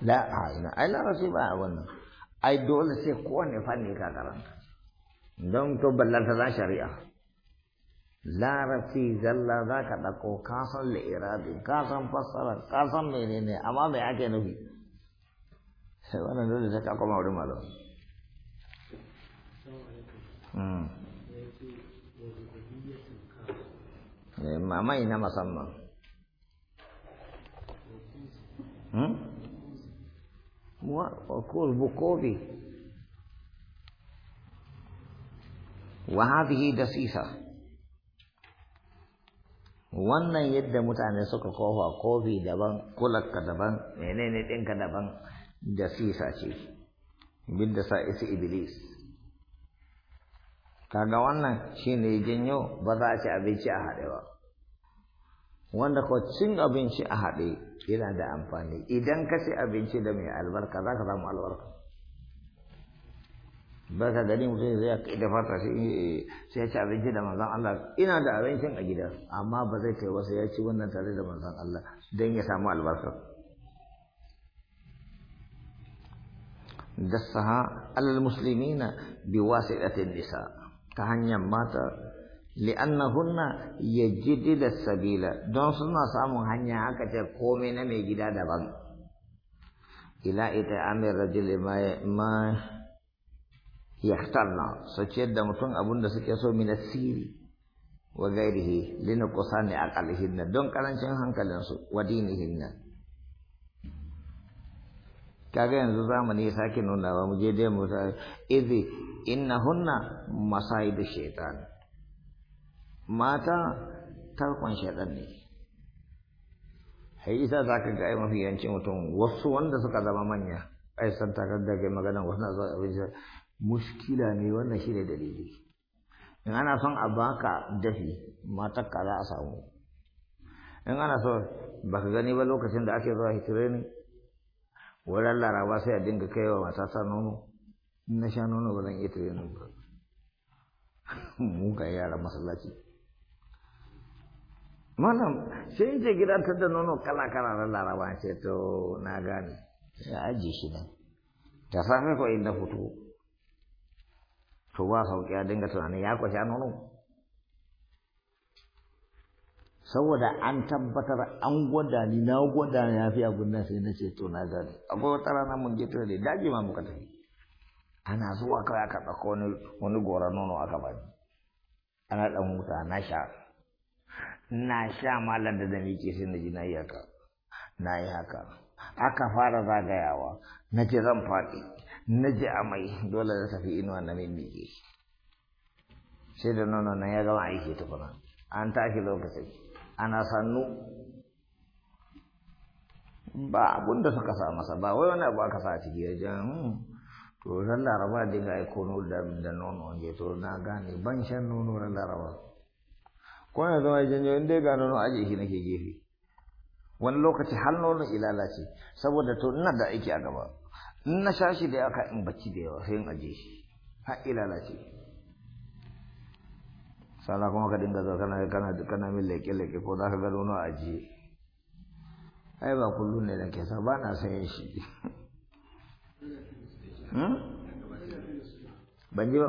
la a ina ai larabci ba a ai dole sai kowane fanni ka karanta don to ballanta za shari'a larabci zalla za ka ɗauko ka san li'irabi ka san fassara ka san menene amma mai ake nufi sai wannan dole sai ka koma Eh, mamai na musamman hmm? bukobi wa da sisa wannan yadda mutane suka kofa kofi daban kulakka daban menene ɗinka daban sisa ce bidda sa isi iblis kaga wannan shine janyo ba za a ci abinci a haɗe ba wanda ko cin abinci a haɗe yana da amfani idan ka ci abinci da mai albarka za ka samu albarka ba ka gani mutum zai ya kai da fata sai ya ci abinci da manzan Allah ina da abincin a gida amma ba zai kai wasu ya ci wannan tare da manzan Allah don ya samu albarka dassaha alal muslimina biwasiɗatin nisa ta hanyar mata li'annahunna yajidda sabila don suna samun hanya aka ce komai na mai gida daban ila ita amir rajul ma yahtarna su ce da mutum abun da suke so min asiri wa gairihi lina kusani aqalihinna don karancin hankalinsu wa dinihinna kaga yanzu zamani ya sake nuna ba mu je dai mu sa izi innahunna da shaitan mata tarkon shaidan ne sai isa za ka ga mafi yancin mutum wasu wanda suka zama manya ai san takar da kai magana wannan a abin muskila ne wannan shi ne dalili in ana son a baka dafi matar ka za a samu in ana so ka gani ba lokacin da ake zuwa hitire ne wurin laraba sai a dinga kaiwa matasa nono in na sha nono ba zan iya tire ba mu ga yara masallaci malam sai je ta da nono kala kala na laraba ce to na gane ya aje shi nan ta safe ko inda fito to ba sauki ya dinga tunanin ya kwace nono saboda an tabbatar an gwada ni na gwada ya fi abin nan sai na ce to na gane akwai wata rana mun je tare da daji ma muka tafi ana zuwa kawai aka ɗauko wani wani goron nono aka bani ana ɗan wuta na sha na sha malam da zan ke sai na ji na yi haka na yi haka aka fara zagayawa na ji zan faɗi na ji amai dole da tafi inuwa na mimmike sai da nono na ya gama aiki tukuna an tashi lokacin ana sannu ba abun da suka sa masa ba wai wani abu aka sa ciki ya ji hmm, to ran laraba dinga aiko da nono wange, to na gane ban shan nono ran laraba ko ya zama janyo in dai gano nono aje shi nake gefe wani lokaci har nono ilala ce saboda to ina da aiki a gaba in na sha shi da yawa in bacci da yawa sai in aje shi har ilala ce sana kuma ka dinga zuwa kana kana kana min leke leke ko za ka ga nono aje ai ba kullum ne da ke sa ba na sayan shi hmm? ban ji ba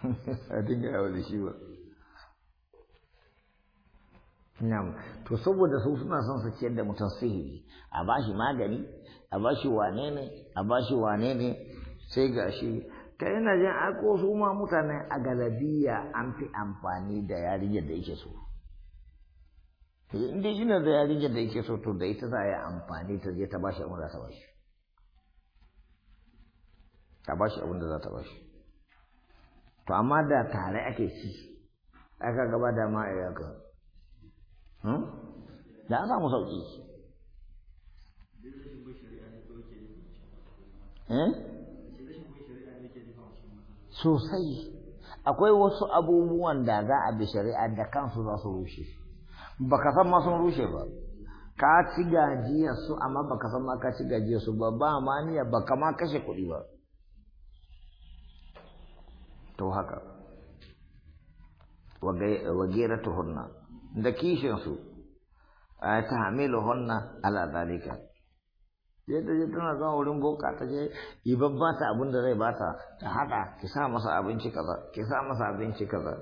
a dinga yawo da shi ba Na'am, to saboda su suna son su ciyar da mutum sihiri, a shi magani, a shi wane ne, a shi wane ne, sai ga shi, ka yana jin ako su ma mutane a galabiya an fi amfani da yarinyar da yake so. In dai ina da yarinyar da yake so to da ita za a yi amfani ta je ta shi abin da za ta bashi. Ta bashi abin da za ta bashi. to amma da tare ake ci aka gaba da ma hmm? da an samu sauki eh? sosai akwai wasu abubuwan da za a bi shari'a da kansu za su rushe baka san ma sun rushe ba ka ci su amma baka san ma ka ci su ba ba ma niyya baka ma kashe kuɗi ba to haka ta hunna da kishin su a ta hamilu hunna ala dalika yadda je tana zuwa wurin boka ta je iban ba ta abin da zai bata ta haɗa ki sa masa abinci kaza ki sa masa abinci kaza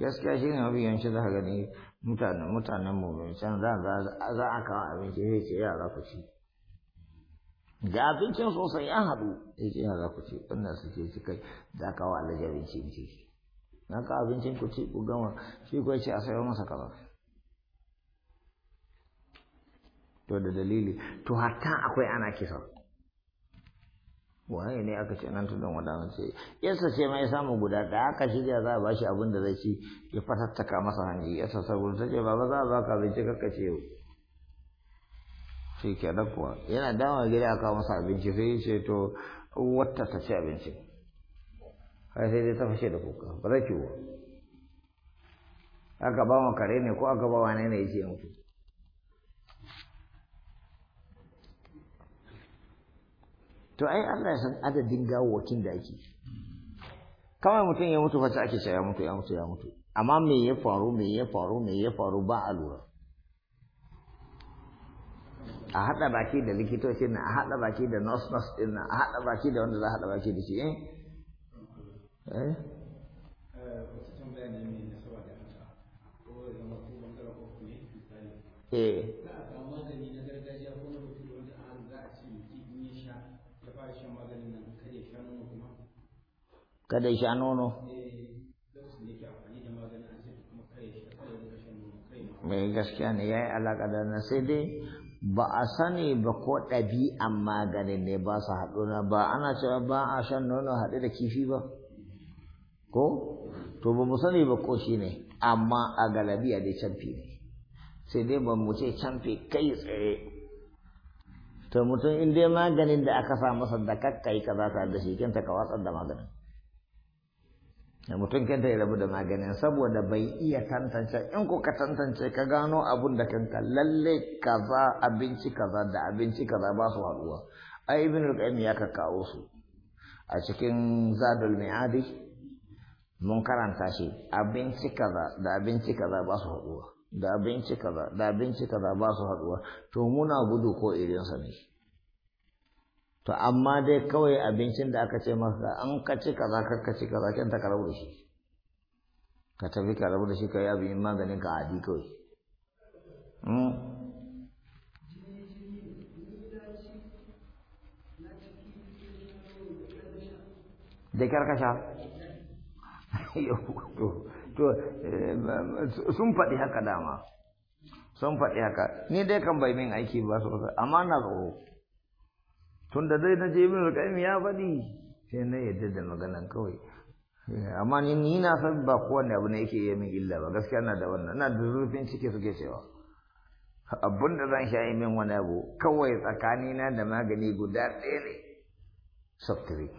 gaskiya shi ne mafi yanci za ka gani mutanen mu can za a kawo abinci ya ce yara ku ci ga abincin sosai ya haɗu ya eh, ce yana za ku ci wannan su ce ci kai za kawo alaji abincin ci na ka abincin ku ci ku gama shi ku ce a sayo masa kaza to da dalili to hatta akwai ana kisa waye ne aka ce nan tudun wadana ce yasa ce mai samu guda da aka shirya za a bashi abin da zai ci ya fatattaka masa hanji yasa saboda ta ce baba za a baka abinci kakka ce yau shi ke kuwa yana dama gida kawo masa abinci sai ce to wata ta ci abinci har sai dai ta fashe da kuka ba zai kiwo aka ba wa kare ne ko aka ba wa ne yake mutu to ai Allah ya san adadin gawawakin da ake kawai mutum ya mutu fata ake ce ya mutu ya mutu ya mutu amma me ya faru me ya faru me ya faru ba a lura a haɗa baki da likitocin na a haɗa baki da nurse nurse ɗin na a haɗa baki da wanda za a haɗa baki da shi eh eh, eh. kada sha nono mai eh, gaskiya ne ya yi alaƙa da na sai dai ba a sani ba ko ɗabi'an maganin ne ba su haɗuna ba ana cewa ba a shan nono haɗe da kifi ba ko to ba mu sani ba ko shi ne amma a a dai canfi ne sai dai ba mu ce canfi kai tsaye to mutum in dai maganin da aka sa masa da ka za ta da shi kenta ka watsar da maganin da mutum kenta ya rabu da maganin saboda bai iya tantance in ko ka tantance ka gano abun da kanka lalle kaza abinci kaza da abinci kaza ba su haɗuwa ai ibn al-qayyim ya ka kawo su a cikin zadul mi'adi mun karanta shi abinci kaza da abinci kaza ba su haɗuwa da abinci kaza da abinci kaza ba su haɗuwa to muna gudu ko irin sa ne to amma dai kawai abincin da aka ce maka an ka ci ka za ka ci za ka ta rabu da shi ka tafi ka rabu da shi ka yi abin maganin ka adi kawai hmm? da karkasha eh, sun faɗi haka dama sun faɗi haka ni dai kan bai min aiki ba sosai amma na tsoro tun da dai na je min al ya faɗi sai na yadda da maganan kawai amma ni ni na san ba kowane abu na yake yamin illa ba gaskiya na da wannan ina da zurfin ciki suke cewa abun da zan sha min wani abu kawai tsakanina da magani guda ɗaya ne softiri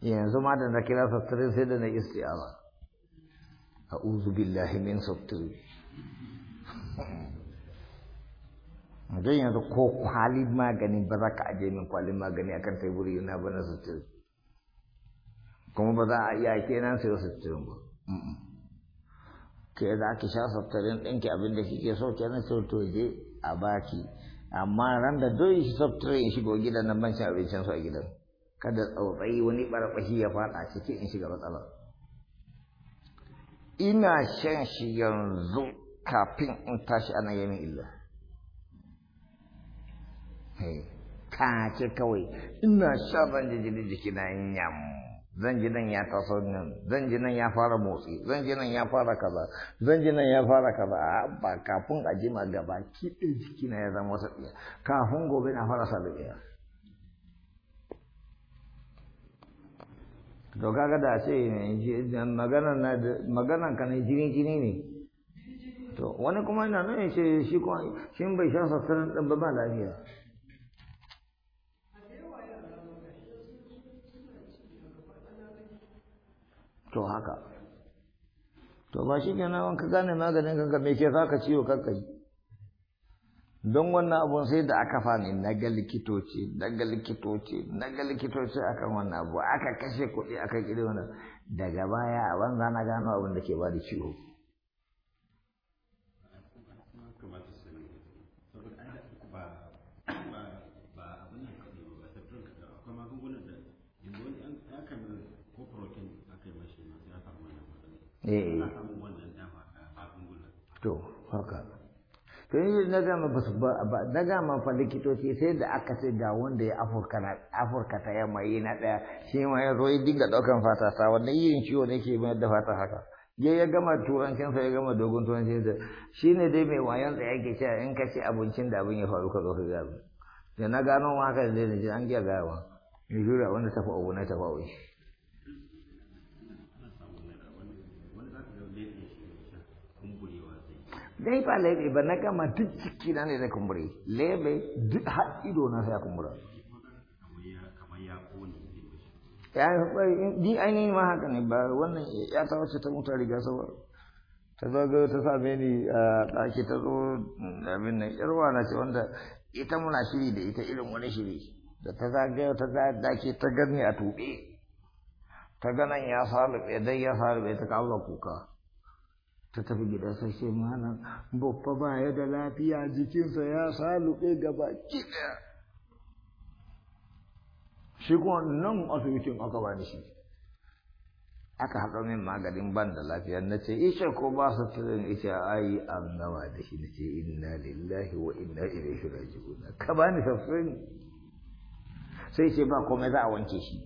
yanzu ma da na kira softiri sai da na a uzu billahi min softiri zai yanzu ko kwalin magani ba za ka aje min kwalin magani akan teburi yana ba na sutura kuma ba za a iya kenan sai sutura ba ke za ki sha suturin ɗinki abin da kike so kenan sai to je a baki amma ran da dole shi suturin in shigo gidan nan ban shi abincin su a gidan kada tsautsayi wani ɓarɓashi ya faɗa ciki in shiga matsala ina shan shi yanzu kafin in tashi ana yamin illa Eh. ka ce kawai ina shan da ji jini jiki na yam zan ji nan ya taso nan zan ji nan ya fara motsi zan ji nan ya fara kaza zan ji nan ya fara kaza a ba kafin a jima gaba kiɗin jiki na ya zama wasa ɗaya kafin gobe na fara sa ɗaya to kaga da ce maganan ka ne jini jini ne to wani kuma yana nan ya shi kuma shi bai sha sassanin ɗan ba ba lafiya to haka to ba shi kenan wanka gane maganin kanka me ke zaka ciwo kanka don wannan abun sai da aka fani na ga likitoci na ga likitoci na ga likitoci akan wannan abu aka kashe kuɗi akan irin wannan daga baya a banza na gano abin da ke ba da ciwo eh to haka to yi na gama ba na gama fa likitoci sai da aka ce ga wanda ya afurka ta yamma yi na ɗaya shi ma ya zo ya dinga ɗaukan fata sa wannan yin ciwo ne ke mayar da fata haka ya ya gama turancin sa ya gama dogon turancin sa shi ne dai mai wayan tsaye ke cewa in ka ci abincin da abin ya faru ka zo ka gano da na gano ma haka ne an giya gawa in jura wanda ta abu na tafi dai ba laifi ba na gama duk ciki na ne da kumbure laibe duk har ido na sai kumbura ya ni ainihin ma haka ne ba wannan ya ta wace ta mutu riga sa ta zagayo ta same ni a ɗaki ta zo abin nan yarwa na ce wanda ita muna shiri da ita irin wani shiri da ta zagayo ta zagayo ɗaki ta gani a tuɓe ta ganan ya salube dai ya salube ta kawo kuka ta tafi gida sai ce malam babba ba ya da lafiya jikinsa ya saluɓe baki kiɗa shi kuma nan asibitin aka bani shi aka haɗa min maganin ban da lafiya na ce ishe ko ba su tirin ishe ayi an gama da shi na ce inna lillahi wa inna ilaihi raji'un ka bani sassin sai ce ba komai za a wanke shi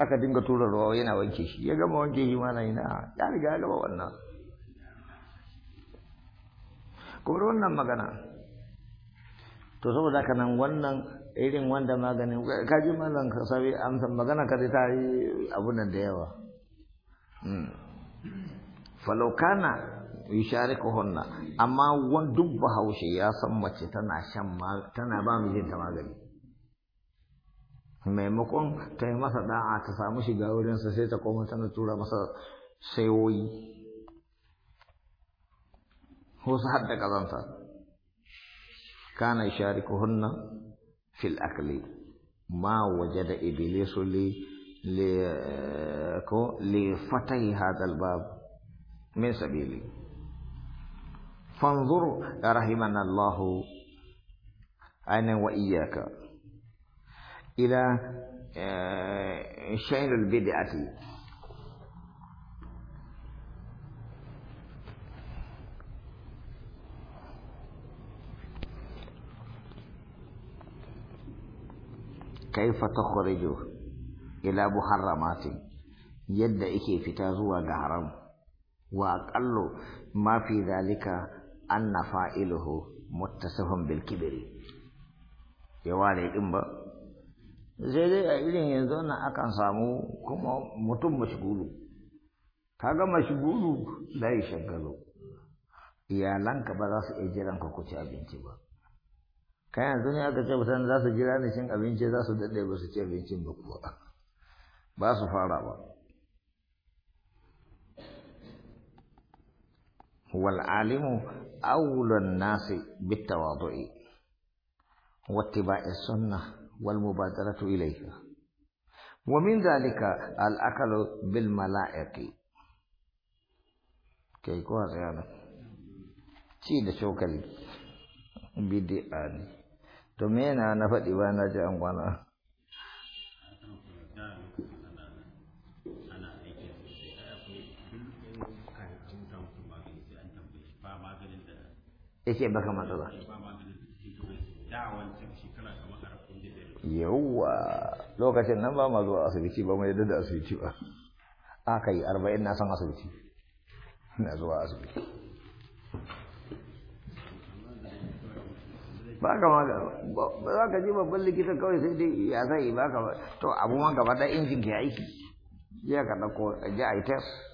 aka dinga tura ruwa yana wanke shi ya gama wanke shi mana ina ya riga ya gama wannan kori wannan magana to saboda haka nan wannan irin wanda maganin kaji malam ka sabi amsa magana ka ta yi abun nan da yawa hmm. falaukana yusharikuhunna amma wan duk bahaushe ya san mace tana shan tana ba mijinta magani maimakon ta yi masa da'a ta samu shiga wurinsa sai ta koma tana tura masa sayoyi هو صاحب ده كذا انت كان يشاركهن في الاكل ما وجد ابليس لي لفتي هذا الباب من سبيلي فانظر رحمنا الله انا واياك الى آه، شعر البدعه kaifa kwarejo ila muharramatin yadda ike fita zuwa ga haram wa aƙallo ma fi an anna fa'iluhu mutasafin bilkibiri yawa ya ware ba sai dai a irin yanzu na akan samu kuma mutum mashgulu kaga da la shagalo. iyalanka ba za su iya jiran ka ku ci abinci ba kayan yanzu ka ce mutane za su jira ne cin abinci za su daɗe ba su ci abincin ba kuwa ba su fara ba wal alimu awlan nasi bitawadu'i wa min والمبادرة al akalu bil الأكل بالملائكة ko كواسي ci da شوكلي بدي آني to me na na faɗi ba na ji an kwana yake baka matsala yawwa lokacin nan ba ma zuwa asibiti ba mu yadda da asibiti ba aka yi arba'in na san asibiti na zuwa asibiti ba ka ma ba za ka je babban likita kawai sai dai ya zai ba ka ba to abubuwan gaba da injin ke aiki ya ka ɗauko a ji a yi test